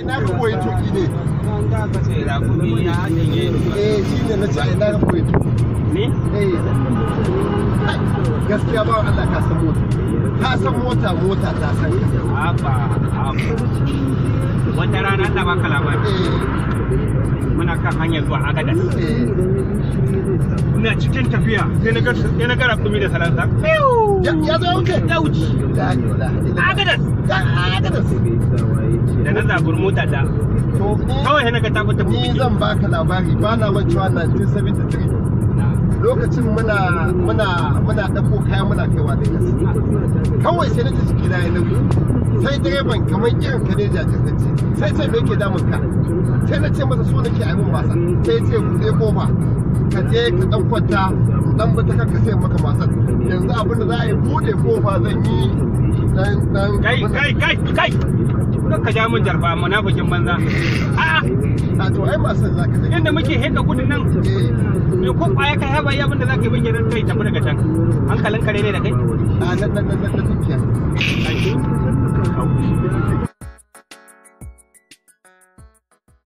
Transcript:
ina ka koyi tuki ne eh shi ne na ce ina ka koyi tuki eh. gaskiya ba Allah ka san mota ka san mota mota ta san haba wata rana Allah baka labari eh. muna kan hanyar zuwa agadas eh. ina cikin tafiya sai na gara kumi da salansa ya zo yanke dauci agadas agadas da na zabur mota ta kawai na ga ta kwata ni zan baka labari ba na wancewa 1973 lokacin muna muna muna dako kaya muna kaiwa da kawai sai na ta jiki na yi nauyi kai ban kamar kiran ka ne jajirtacce sai sai ke damun ka sai na ce masa so nake a mun sai ce kofa ka je ka dan kwanta dan ta kanka sai maka wasan yanzu abin da za a yi kofa zan yi dan dan kai kai kai kai ka ja mun jarba munafikin banza a to ai za ka inda muke gudun nan me ko kwaya ka haba abin da zaka yi bin bayyana kai tafi daga can hankalin kare ne da kai a nan nan nan nan dukiya